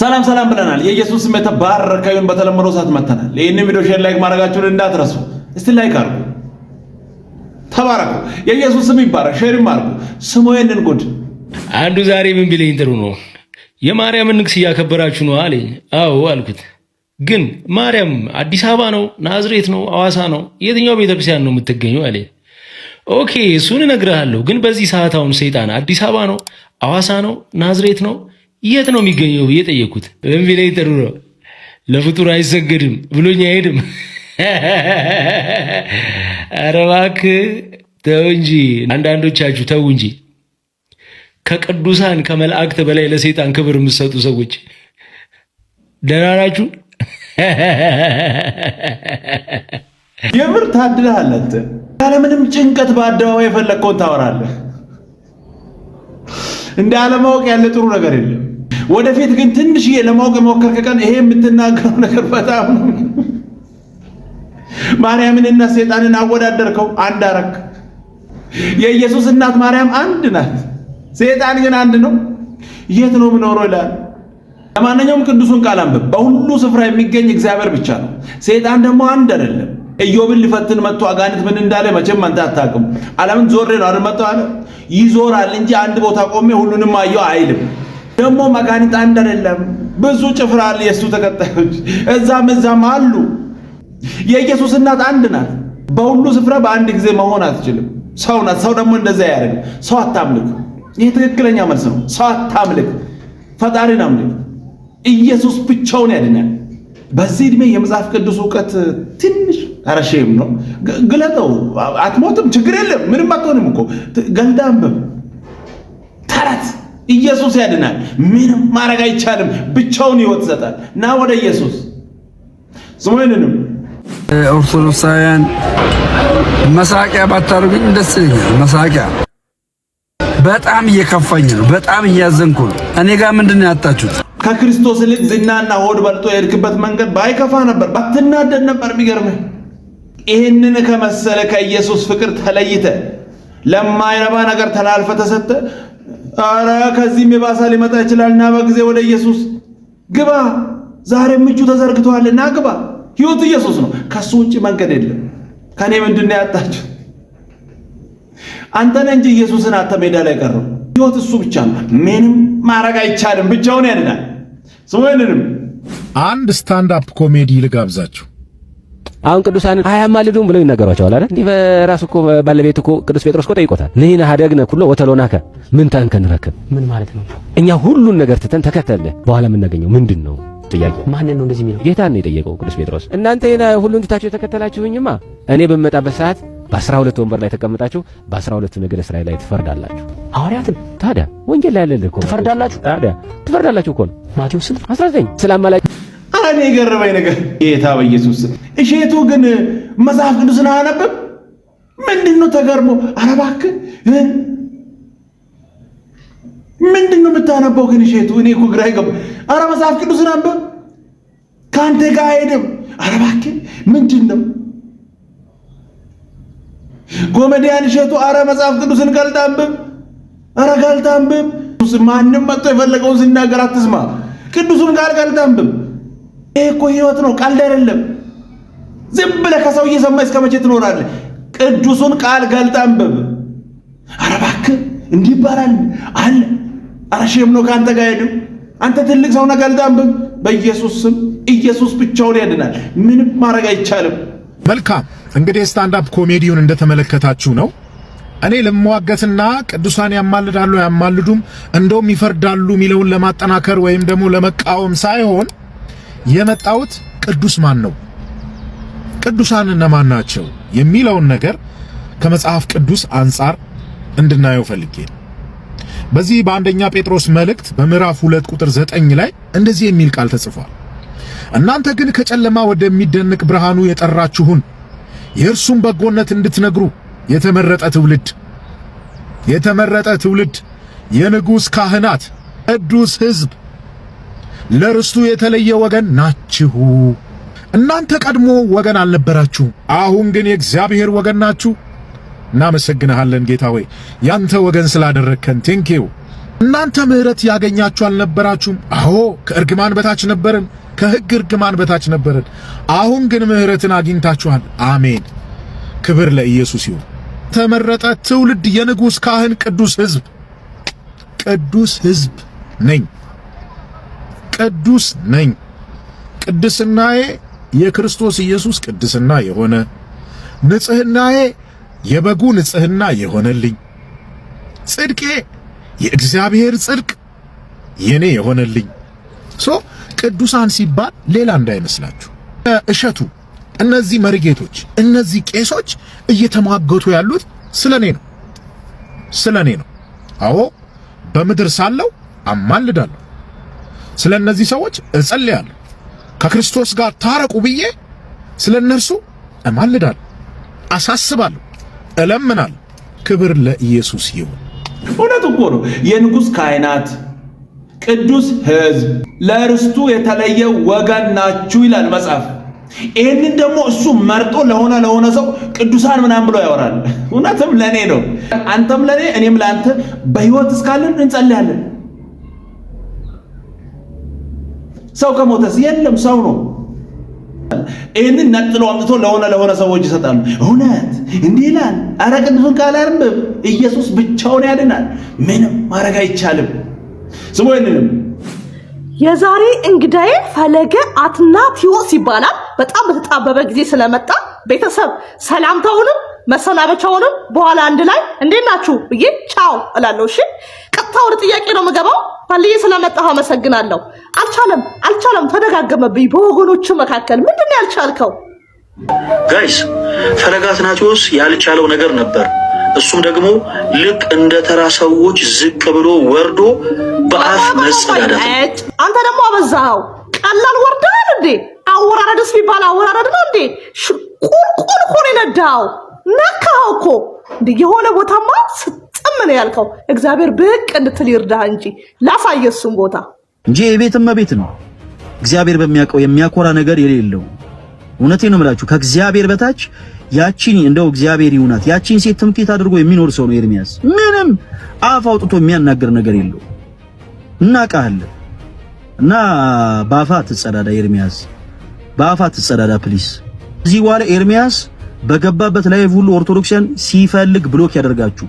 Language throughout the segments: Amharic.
ሰላም ሰላም ብለናል። የኢየሱስ ስም የተባረከ ይሁን። በተለመደው ሰዓት መተናል። ይህንን ቪዲዮ ሼር ላይክ ማድረጋችሁን እንዳትረሱ። እስቲ ላይክ አድርጉ። ተባረኩ። የኢየሱስ ስም ይባረክ። ሼርም አድርጉ። ስሙ ይህንን ጉድ አንዱ ዛሬ ምን ቢለኝ ጥሩ ነው የማርያምን ንግስ እያከበራችሁ ነው አለኝ። አዎ አልኩት። ግን ማርያም አዲስ አበባ ነው፣ ናዝሬት ነው፣ አዋሳ ነው፣ የትኛው ቤተክርስቲያን ነው የምትገኘው አለኝ። ኦኬ እሱን እነግርሃለሁ፣ ግን በዚህ ሰዓት አሁን ሰይጣን አዲስ አበባ ነው፣ አዋሳ ነው፣ ናዝሬት ነው የት ነው የሚገኘው ብዬ ጠየቅኩት። ቬንቲሌተሩ ጥሩ ነው ለፍጡር አይሰገድም ብሎኝ አይሄድም። ኧረ እባክህ ተው እንጂ አንዳንዶቻችሁ ተው እንጂ ከቅዱሳን ከመላእክት በላይ ለሰይጣን ክብር የምትሰጡ ሰዎች ደህና ናችሁ? የምር ታድለሃል አንተ። ያለምንም ጭንቀት በአደባባይ የፈለግከውን ታወራለህ። እንደ አለማወቅ ያለ ጥሩ ነገር የለም። ወደፊት ግን ትንሽዬ ለማወቅ የሞከርክ ከቀን ይሄ የምትናገረው ነገር በጣም ማርያምንና ሴጣንን አወዳደርከው፣ አንድ አረክ። የኢየሱስ እናት ማርያም አንድ ናት፣ ሴጣን ግን አንድ ነው። የት ነው የምኖረው ይላል። ለማንኛውም ቅዱሱን ቃል አንብብ። በሁሉ ስፍራ የሚገኝ እግዚአብሔር ብቻ ነው። ሴጣን ደግሞ አንድ አይደለም። ኢዮብን ሊፈትን መጥቶ አጋንንት ምን እንዳለ መቼም አንተ አታውቅም። ዓለምን ዞሬ ነው አይደል አለ። ይዞራል እንጂ አንድ ቦታ ቆሜ ሁሉንም አየው አይልም። ደግሞ አጋንንት አንድ አይደለም፣ ብዙ ጭፍራ አለ የእሱ ተከታዮች እዛም እዛም አሉ። የኢየሱስ እናት አንድ ናት። በሁሉ ስፍራ በአንድ ጊዜ መሆን አትችልም። ሰው ናት። ሰው ደግሞ እንደዛ ያደርግ። ሰው አታምልክ። ይህ ትክክለኛ መልስ ነው። ሰው አታምልክ፣ ፈጣሪን አምልክ። ኢየሱስ ብቻውን ያድናል። በዚህ እድሜ የመጽሐፍ ቅዱስ እውቀት ትንሽ ኧረ ሼም ነው። ግለጠው፣ አትሞትም፣ ችግር የለም ምንም አትሆንም እኮ ገልዳምብ ተረት ኢየሱስ ያድናል። ምንም ማድረግ አይቻልም። ብቻውን ህይወት ይሰጣል። ና ወደ ኢየሱስ ስሞይንንም ኦርቶዶክሳውያን መሳቂያ ባታደርጉኝ ደስ ይለኛል። መሳቂያ በጣም እየከፋኝ ነው። በጣም እያዘንኩ ነው። እኔ ጋር ምንድን ነው ያጣችሁት? ከክርስቶስ ልጅ ዝናና ሆድ በልጦ የሄድክበት መንገድ ባይከፋ ነበር፣ ባትናደድ ነበር። የሚገርመኝ ይህንን ከመሰለ ከኢየሱስ ፍቅር ተለይተ ለማይረባ ነገር ተላልፈ ተሰተ። አረ ከዚህም የባሰ ሊመጣ ይችላል ይችላልና በጊዜ ወደ ኢየሱስ ግባ። ዛሬም እጁ ና ግባ። ህይወት ኢየሱስ ነው። ከሱ ውጭ መንገድ የለም። ከኔ ምንድን ነው ያጣችሁ? አንተን እንጂ ኢየሱስን አተ ሜዳ ላይ ቀረው። ህይወት እሱ ብቻ ነው። ምንም ማድረግ አይቻልም። ብቻውን ያድናል። ስሙ አንድ ስታንድ አፕ ኮሜዲ ልጋብዛችሁ። አሁን ቅዱሳን አያማልዱም ብለው ይናገሯቸዋል አይደል? እንዲህ በራሱ እኮ ባለቤት እኮ ቅዱስ ጴጥሮስ እኮ ጠይቆታል። ንሕነ ሀደግነ ኩሎ ወተሎናከ ምን ታንከንረክብ ምን ማለት ነው? እኛ ሁሉን ነገር ትተን ተከተለ በኋላ የምናገኘው ምንድን ነው? ጥያቄ ማን ነው እንደዚህ የሚለው? ጌታን ነው የጠየቀው ቅዱስ ጴጥሮስ። እናንተ ሁሉን ትታችሁ የተከተላችሁኝማ እኔ በምመጣበት ሰዓት በአስራ ሁለት ወንበር ላይ ተቀምጣችሁ በአስራ ሁለቱ ነገድ እስራኤል ላይ ትፈርዳላችሁ። ሐዋርያትን ታዲያ ወንጌል ላይ ያለልህ እኮ ትፈርዳላችሁ። ታዲያ ትፈርዳላችሁ እኮ ነው ማቴዎስ 19 ስለ አማላጅ በጣም የገረመኝ ነገር ጌታ በኢየሱስ እሼቱ ግን መጽሐፍ ቅዱስን አያነብም። ምንድን ነው ተገርሞ፣ ኧረ እባክህ ምንድን ነው የምታነበው ግን እሼቱ? እኔ እኮ ግራ ይገባ። ኧረ መጽሐፍ ቅዱስን አንብብ፣ ከአንተ ጋር አይሄድም። ኧረ እባክህ ምንድን ነው ኮሜዲያን እሼቱ? አረ መጽሐፍ ቅዱስን ገልጣንብብ አንብብ፣ ገልጣንብብ ማንም መጥቶ የፈለገውን ሲናገር አትስማ። ቅዱሱን ጋር ገልጣንብብ ይህ እኮ ህይወት ነው፣ ቀልድ አይደለም። ዝም ብለህ ከሰው እየሰማ እስከ መቼ ትኖራለህ? ቅዱሱን ቃል ገልጠህ አንብብ። ኧረ እባክህ እንዲህ ይባላል አለ። ኧረ ሼም ነው ከአንተ ጋር ሄዱ። አንተ ትልቅ ሰው ነህ፣ ገልጠህ አንብብ። በኢየሱስ ስም ኢየሱስ ብቻውን ያድናል። ምንም ማድረግ አይቻልም። መልካም እንግዲህ ስታንዳፕ ኮሜዲውን እንደተመለከታችሁ ነው። እኔ ለመዋገትና ቅዱሳን ያማልዳሉ አያማልዱም፣ እንደውም ይፈርዳሉ የሚለውን ለማጠናከር ወይም ደግሞ ለመቃወም ሳይሆን የመጣሁት ቅዱስ ማን ነው፣ ቅዱሳን እነማን ናቸው የሚለውን ነገር ከመጽሐፍ ቅዱስ አንጻር እንድናየው ፈልጌ ነው። በዚህ በአንደኛ ጴጥሮስ መልእክት በምዕራፍ 2 ቁጥር 9 ላይ እንደዚህ የሚል ቃል ተጽፏል። እናንተ ግን ከጨለማ ወደሚደንቅ ብርሃኑ የጠራችሁን የእርሱን በጎነት እንድትነግሩ የተመረጠ ትውልድ የተመረጠ ትውልድ የንጉሥ ካህናት ቅዱስ ሕዝብ ለርስቱ የተለየ ወገን ናችሁ። እናንተ ቀድሞ ወገን አልነበራችሁ፣ አሁን ግን የእግዚአብሔር ወገን ናችሁ። እናመሰግንሃለን ጌታ ሆይ ያንተ ወገን ስላደረግከን ቴንኪው። እናንተ ምሕረት ያገኛችሁ አልነበራችሁም። አዎ ከእርግማን በታች ነበርን፣ ከሕግ እርግማን በታች ነበርን። አሁን ግን ምሕረትን አግኝታችኋል። አሜን። ክብር ለኢየሱስ ይሁን። ተመረጠ ትውልድ፣ የንጉሥ ካህን፣ ቅዱስ ሕዝብ፣ ቅዱስ ሕዝብ ነኝ። ቅዱስ ነኝ። ቅድስናዬ የክርስቶስ ኢየሱስ ቅድስና የሆነ ንጽህናዬ የበጉ ንጽህና የሆነልኝ ጽድቄ የእግዚአብሔር ጽድቅ የኔ የሆነልኝ። ሶ ቅዱሳን ሲባል ሌላ እንዳይመስላችሁ። እሸቱ፣ እነዚህ መርጌቶች፣ እነዚህ ቄሶች እየተሟገቱ ያሉት ስለኔ ነው፣ ስለኔ ነው። አዎ በምድር ሳለው አማልዳለሁ ስለ እነዚህ ሰዎች እጸልያለሁ። ከክርስቶስ ጋር ታረቁ ብዬ ስለ እነርሱ እማልዳለሁ፣ አሳስባለሁ፣ እለምናለሁ። ክብር ለኢየሱስ ይሁን። እውነት እኮ ነው። የንጉሥ ካህናት ቅዱስ ሕዝብ ለርስቱ የተለየ ወገን ናችሁ ይላል መጽሐፍ። ይህንን ደግሞ እሱ መርጦ ለሆነ ለሆነ ሰው ቅዱሳን ምናምን ብሎ ያወራል። እውነትም ለእኔ ነው፣ አንተም ለእኔ እኔም ለአንተ። በሕይወት እስካለን እንጸልያለን። ሰው ከሞተስ የለም ሰው ነው። ይህንን ነጥሎ አምጥቶ ለሆነ ለሆነ ሰዎች ይሰጣሉ። እውነት እንዲህ ይላል። አረ ቅዱሱን ቃል አንብብ። ኢየሱስ ብቻውን ያድናል። ምንም ማድረግ አይቻልም። ስሙ ይንንም የዛሬ እንግዳዬ ፈለገ አትናቲዎስ ይባላል። በጣም በተጣበበ ጊዜ ስለመጣ ቤተሰብ ሰላምታውንም መሰናበቻውንም በኋላ አንድ ላይ እንዴት ናችሁ ብዬ ቻው እላለሁ። እሺ ቀጥታ ወደ ጥያቄ ነው የምገባው። ባልዬ ስለመጣሁ አመሰግናለሁ። አልቻለም አልቻለም ተደጋገመብኝ። በወገኖች መካከል ምንድን ነው ያልቻልከው? ጋይስ ፈለጋ ትናቴዎስ ያልቻለው ነገር ነበር። እሱም ደግሞ ልክ እንደ ተራ ሰዎች ዝቅ ብሎ ወርዶ በአፍ መጸዳዳት። አንተ ደግሞ አበዛኸው። ቀላል ወርዳል እንዴ? አወራረድስ የሚባል አወራረድ ነው እንዴ? ቁልቁል ኮን የነዳኸው ነካው እኮ የሆነ ቦታማ ስጥም ነው ያልከው። እግዚአብሔር ብቅ እንድትል ይርዳህ እንጂ ላሳየህ እሱን ቦታ እንጂ የቤትማ ቤት ነው። እግዚአብሔር በሚያውቀው የሚያኮራ ነገር የሌለው እውነቴ ነው የምላችሁ። ከእግዚአብሔር በታች ያቺን እንደው እግዚአብሔር ይሁናት ያቺን ሴት ትምክህት አድርጎ የሚኖር ሰው ነው ኤርሚያስ። ምንም አፍ አውጥቶ የሚያናገር ነገር የለው። እናቃለ እና በአፋ ትጸዳዳ ኤርሚያስ፣ በአፋ ትጸዳዳ ፕሊስ። እዚህ በኋላ ኤርሚያስ በገባበት ላይ ሁሉ ኦርቶዶክሲያን ሲፈልግ ብሎክ ያደርጋችሁ።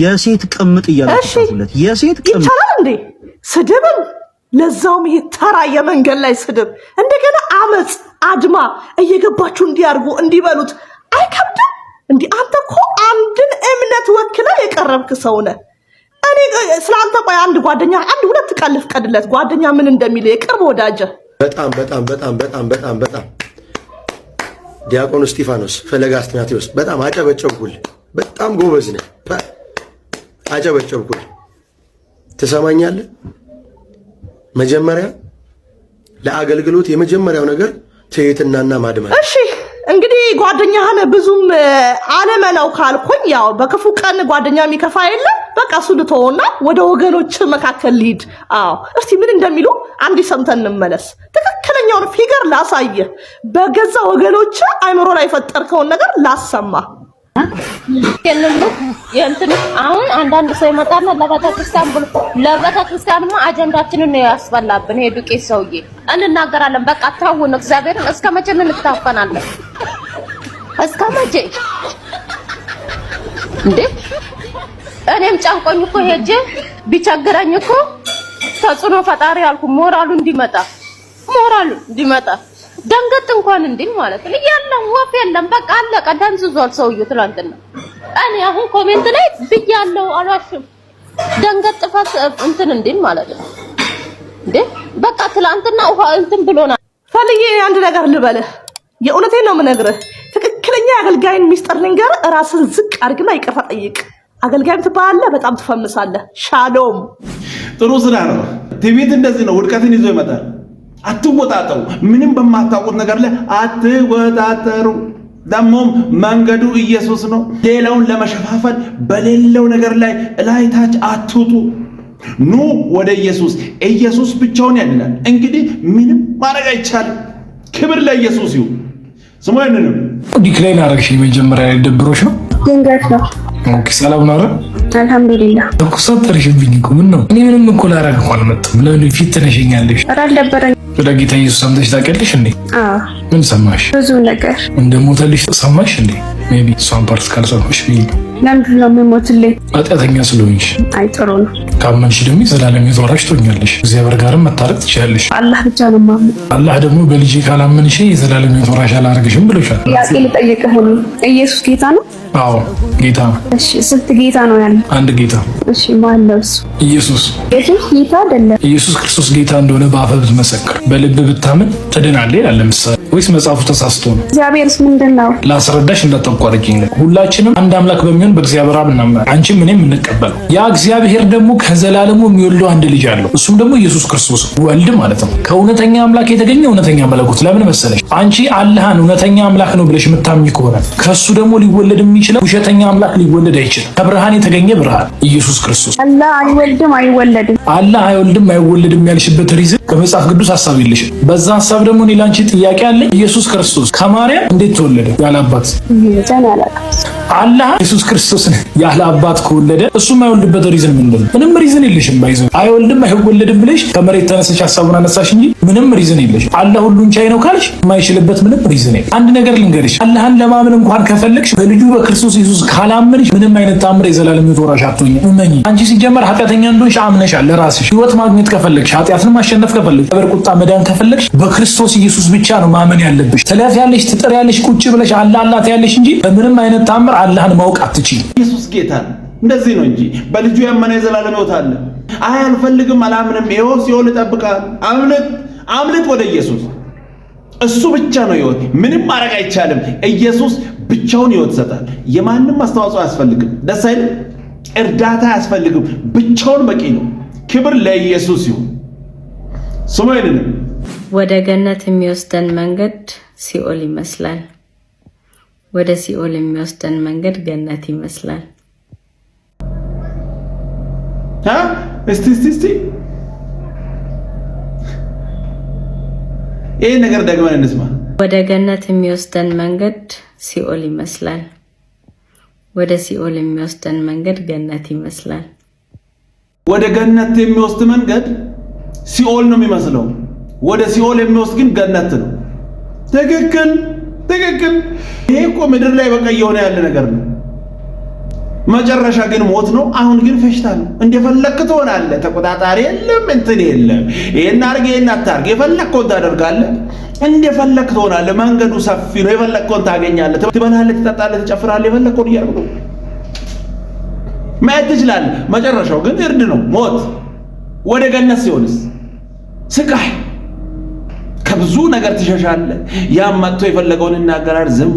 የሴት ቅምጥ እያለለት የሴት ቅምጥ ይቻላል እንዴ? ስድብም ለዛውም ይሄ ተራ የመንገድ ላይ ስድብ፣ እንደገና አመፅ፣ አድማ እየገባችሁ እንዲያርጉ እንዲበሉት አይከብድም? እንዲህ አንተ እኮ አንድን እምነት ወክለ የቀረብክ ሰው ነህ። እኔ ስለ አንተ ቆይ አንድ ጓደኛ አንድ ሁለት ቀልፍ ቀድለት ጓደኛ ምን እንደሚል የቅርብ ወዳጀ በጣም በጣም በጣም በጣም በጣም በጣም ዲያቆን እስጢፋኖስ ፈለገ አስጢናቴዎስ በጣም አጨበጨብኩል። በጣም ጎበዝ ነ አጨበጨብኩል። ትሰማኛለ? መጀመሪያ ለአገልግሎት የመጀመሪያው ነገር ትህትናና ማድመጥ። እሺ እንግዲህ ጓደኛህን ብዙም አለመነው ካልኩኝ ያው በክፉ ቀን ጓደኛ የሚከፋ የለ በቃ እሱ ልተወውና ወደ ወገኖች መካከል ሊድ። አዎ እስቲ ምን እንደሚሉ አንድ ሰምተን እንመለስ። ትክክለኛውን ፊገር ላሳየ፣ በገዛ ወገኖች አይምሮ ላይ የፈጠርከውን ነገር ላሰማ አሁን አንዳንድ ሰው ይመጣና ለቤተክርስቲያን ብሎ ለቤተክርስቲያንማ አጀንዳችንን ነው ያስበላብን። ይሄ ዱቄት ሰውዬ እንናገራለን። በቃ ታውን እግዚአብሔርን እስከ መቼ እንታፈናለን? እስከ መቼ እንዴ? እኔም ጨንቆኝ እኮ ሄጄ ቢቸግረኝ እኮ ተጽዕኖ ፈጣሪ ያልኩ ሞራሉ እንዲመጣ ሞራሉ እንዲመጣ ደንገት እንኳን እንድል ማለት ነው። የለም ወፍ የለም፣ በቃ አለቀ፣ ደንዝዟል ሰውዬው። ትናንትና እኔ አሁን ኮሜንት ላይ ብያለሁ፣ አልዋሽም። ደንገት ፈስ እንትን እንድል ማለት ነው እንዴ በቃ ትላንትና ውሃ እንትን ብሎናል። ፈልዬ አንድ ነገር ልበልህ፣ የእውነቴን ነው የምነግርህ። ትክክለኛ አገልጋይን ሚስጥር ልንገርህ፣ ራስን ዝቅ አድርግና ይቅርታ ጠይቅ። አገልጋይም ትባላለህ፣ በጣም ትፈምሳለህ። ሻሎም ጥሩ ስራ ነው። ትዕቢት እንደዚህ ነው፣ ውድቀትን ይዞ ይመጣል። አትወጣጠሩ። ምንም በማታውቁት ነገር ላይ አትወጣጠሩ። ደግሞም መንገዱ ኢየሱስ ነው። ሌላውን ለመሸፋፈን በሌለው ነገር ላይ እላይታች አትውጡ። ኑ ወደ ኢየሱስ። ኢየሱስ ብቻውን ያድናል። እንግዲህ ምንም ማድረግ አይቻልም። ክብር ለኢየሱስ ይሁን። ስሙ ይንንም ዲክላይን ናረግሽ የመጀመሪያ ደብሮች ነው ድንገት ነው። ሰላም ነው። አልሐምዱሊላ ተኮሳተርሽብኝ እኮ ምን ነው? እኔ ምንም እኮ ላረግ እኮ አልመጣም። ለምን ፊት ትነሽኛለሽ? ኧረ አልደበረኝ ስለ ጌታ ኢየሱስ ሰምተሽ ታውቂያለሽ እንዴ? ምን ሰማሽ? ብዙ ነገር እንደሞተልሽ ሰማሽ እንዴ? ሜይ ቢ እሷን ፓርት ካልሰማሽ ብዬ ነው። ለምንድን ነው ኃጢአተኛ ስለሆንሽ። አይ ጥሩ ነው። ካመንሽ ደግሞ የዘላለም የተወራሽ ትሆኛለሽ። እግዚአብሔር ጋርም መታረቅ ትችላለሽ። አላህ ብቻ ነው ማምን። አላህ ደግሞ በልጄ ካላመንሽ የዘላለም የተወራሽ አላደርግሽም ብሎሻል። ጥያቄ ኢየሱስ ጌታ ነው? አዎ ጌታ ነው። ስንት ጌታ ነው ያለ? አንድ ጌታ። እሺ እሱ? ኢየሱስ። ኢየሱስ ጌታ አይደለም። ኢየሱስ ክርስቶስ ጌታ እንደሆነ በአፈ ብትመሰክር በልብ ብታምን ትድናለህ ይላል። ለምሳሌ ወይስ መጽሐፉ ተሳስቶ ነው? እግዚአብሔርስ ምንድን ነው? ላስረዳሽ እንዳታ ጠቆምኩ አድርጌ ሁላችንም አንድ አምላክ በሚሆን በእግዚአብሔር አብ እናምናል። አንቺም እኔም እንቀበለው። ያ እግዚአብሔር ደግሞ ከዘላለሙ የሚወልደው አንድ ልጅ አለው። እሱም ደግሞ ኢየሱስ ክርስቶስ ወልድ ማለት ነው። ከእውነተኛ አምላክ የተገኘ እውነተኛ መለኮት። ለምን መሰለሽ አንቺ አላህን እውነተኛ አምላክ ነው ብለሽ የምታምኝ ከሆነ ከእሱ ደግሞ ሊወለድ የሚችለው ውሸተኛ አምላክ ሊወለድ አይችልም። ከብርሃን የተገኘ ብርሃን ኢየሱስ ክርስቶስ። አላህ አይወልድም አይወለድም። አይወልድም ያልሽበት ሪዝን በመጽሐፍ ቅዱስ ሀሳብ የለሽም። በዛ ሀሳብ ደግሞ እኔ ላንቺ ጥያቄ አለኝ። ኢየሱስ ክርስቶስ ከማርያም እንዴት ተወለደ ያለ አባት ነው ያላቀ አላህ ኢየሱስ ክርስቶስን ያለ አባት ከወለደ እሱ የማይወልድበት ሪዝን ምንድን ነው? ምንም ሪዝን የለሽም። ባይዞ አይወልድም አይወለድም ብለሽ ከመሬት ተነሰሽ ሀሳቡን አነሳሽ እንጂ ምንም ሪዝን የለሽም። አላህ ሁሉን ቻይ ነው ካልሽ የማይችልበት ምንም ሪዝን የለም። አንድ ነገር ልንገርሽ፣ አላህን ለማመን እንኳን ከፈለግሽ በልጁ በክርስቶስ ኢየሱስ ካላመንሽ ምንም አይነት ታምር የዘላለም ሕይወት ወራሽ አትሆኝም። እመኚ። አንቺ ሲጀመር ኃጢአተኛ እንደሆንሽ አምነሻል። ለራስሽ ህይወት ማግኘት ከፈለግሽ፣ ኃጢአትን ማሸነፍ ከፈለግሽ፣ ቀብር ቁጣ መዳን ከፈለግሽ በክርስቶስ ኢየሱስ ብቻ ነው ማመን ያለብሽ። ትለፍ ያለሽ ትጥር ያለሽ ቁጭ ብለሽ አላ አላት ያለሽ እንጂ በምንም አይነት ታምር አላህን ማወቅ አትችል። ኢየሱስ ጌታ እንደዚህ ነው እንጂ በልጁ ያመነ የዘላለም ሕይወት አለ። አይ አልፈልግም፣ አላምንም፣ ይኸው ሲኦል ይጠብቃል። አምልጥ፣ አምልጥ ወደ ኢየሱስ። እሱ ብቻ ነው ሕይወት። ምንም ማድረግ አይቻልም። ኢየሱስ ብቻውን ህይወት ይሰጣል። የማንም አስተዋጽኦ አያስፈልግም። ደስ አይል? እርዳታ አያስፈልግም። ብቻውን በቂ ነው። ክብር ለኢየሱስ ይሁን። ስሙ ወደ ገነት የሚወስደን መንገድ ሲኦል ይመስላል። ወደ ሲኦል የሚወስደን መንገድ ገነት ይመስላል። እስቲ እስቲ እስቲ ይህ ነገር ደግመን እንስማ። ወደ ገነት የሚወስደን መንገድ ሲኦል ይመስላል። ወደ ሲኦል የሚወስደን መንገድ ገነት ይመስላል። ወደ ገነት የሚወስድ መንገድ ሲኦል ነው የሚመስለው። ወደ ሲኦል የሚወስድ ግን ገነት ነው። ትክክል ትክክል። ይሄ እኮ ምድር ላይ በቃ እየሆነ ያለ ነገር ነው። መጨረሻ ግን ሞት ነው። አሁን ግን ፈሽታ ነው። እንደፈለክ ትሆናለህ። ተቆጣጣሪ የለም፣ እንትን የለም። ይሄን አርግ፣ ይሄን አታርግ፣ የፈለግከውን ታደርጋለህ፣ እንደፈለክ ትሆናለህ። መንገዱ ሰፊ ነው። የፈለግከውን ታገኛለህ፣ ትበላለህ፣ ትጠጣለህ፣ ትጨፍራለህ። የፈለግከውን እያርግ ነው ማየት ትችላለህ። መጨረሻው ግን እርድ ነው፣ ሞት። ወደ ገነት ሲሆንስ ስቃይ ከብዙ ነገር ትሸሻለ ያም መጥቶ የፈለገውን ይናገራል፣ ዝም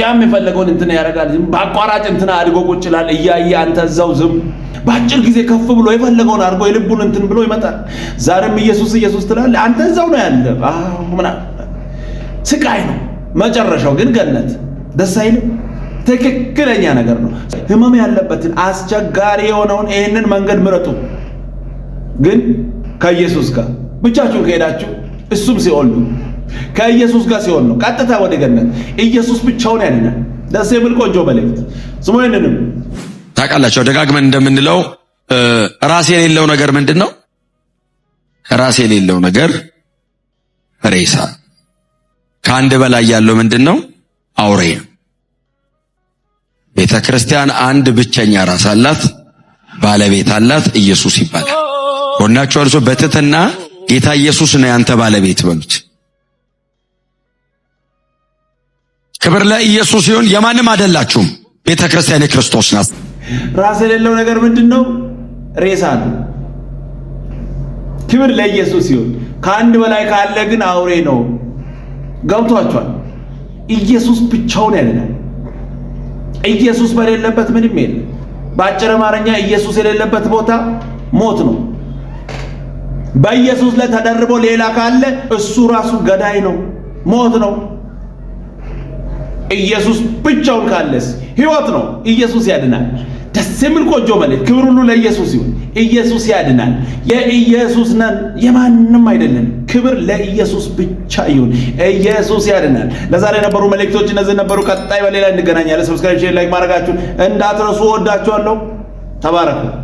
ያም የፈለገውን እንትን ያደርጋል፣ ዝም በአቋራጭ እንትን አድጎ ቁጭ ይላል። እያየ አንተ እዛው ዝም። በአጭር ጊዜ ከፍ ብሎ የፈለገውን አድርጎ የልቡን እንትን ብሎ ይመጣል። ዛሬም ኢየሱስ ኢየሱስ ትላለህ፣ አንተ እዛው ነው ያለ። ስቃይ ነው መጨረሻው፣ ግን ገነት ደስ አይልም። ትክክለኛ ነገር ነው። ህመም ያለበትን አስቸጋሪ የሆነውን ይህንን መንገድ ምረጡ፣ ግን ከኢየሱስ ጋር ብቻችሁን ከሄዳችሁ እሱም ሲኦል ነው። ከኢየሱስ ጋር ሲሆን ነው ቀጥታ ወደ ገነት። ኢየሱስ ብቻውን ያድናል። ደስ የሚል ቆንጆ መልእክት ስሙ። ይህንንም ታውቃላችሁ ደጋግመን እንደምንለው ራስ የሌለው ነገር ምንድን ነው? ራስ የሌለው ነገር ሬሳ፣ ከአንድ በላይ ያለው ምንድን ነው? አውሬ። ቤተ ክርስቲያን አንድ ብቸኛ ራስ አላት፣ ባለቤት አላት፣ ኢየሱስ ይባላል። ጎናችሁ አልሶ በትትና ጌታ ኢየሱስ ነው ያንተ ባለቤት በሉት። ክብር ለኢየሱስ ይሁን። የማንም አይደላችሁም። ቤተ ክርስቲያን የክርስቶስ ናት። ራስ የሌለው ነገር ምንድን ነው? ሬሳ ነው። ክብር ለኢየሱስ ሲሆን ከአንድ በላይ ካለ ግን አውሬ ነው። ገብቷቸዋል። ኢየሱስ ብቻውን ያድናል። ኢየሱስ በሌለበት ምንም የለም። በአጭር አማርኛ ኢየሱስ የሌለበት ቦታ ሞት ነው። በኢየሱስ ላይ ተደርቦ ሌላ ካለ እሱ ራሱ ገዳይ ነው፣ ሞት ነው። ኢየሱስ ብቻውን ካለስ ህይወት ነው። ኢየሱስ ያድናል። ደስ የሚል ቆጆ መልእክት። ክብር ሁሉ ለኢየሱስ ይሁን። ኢየሱስ ያድናል። የኢየሱስ ነን፣ የማንም አይደለም። ክብር ለኢየሱስ ብቻ ይሁን። ኢየሱስ ያድናል። ለዛሬ የነበሩ መልእክቶች እነዚህ ነበሩ። ቀጣይ በሌላ እንገናኛለን። ሰብስክራይብ፣ ሼር፣ ላይክ ማድረጋችሁ እንዳትረሱ። ወዳችኋለሁ። ተባረኩ።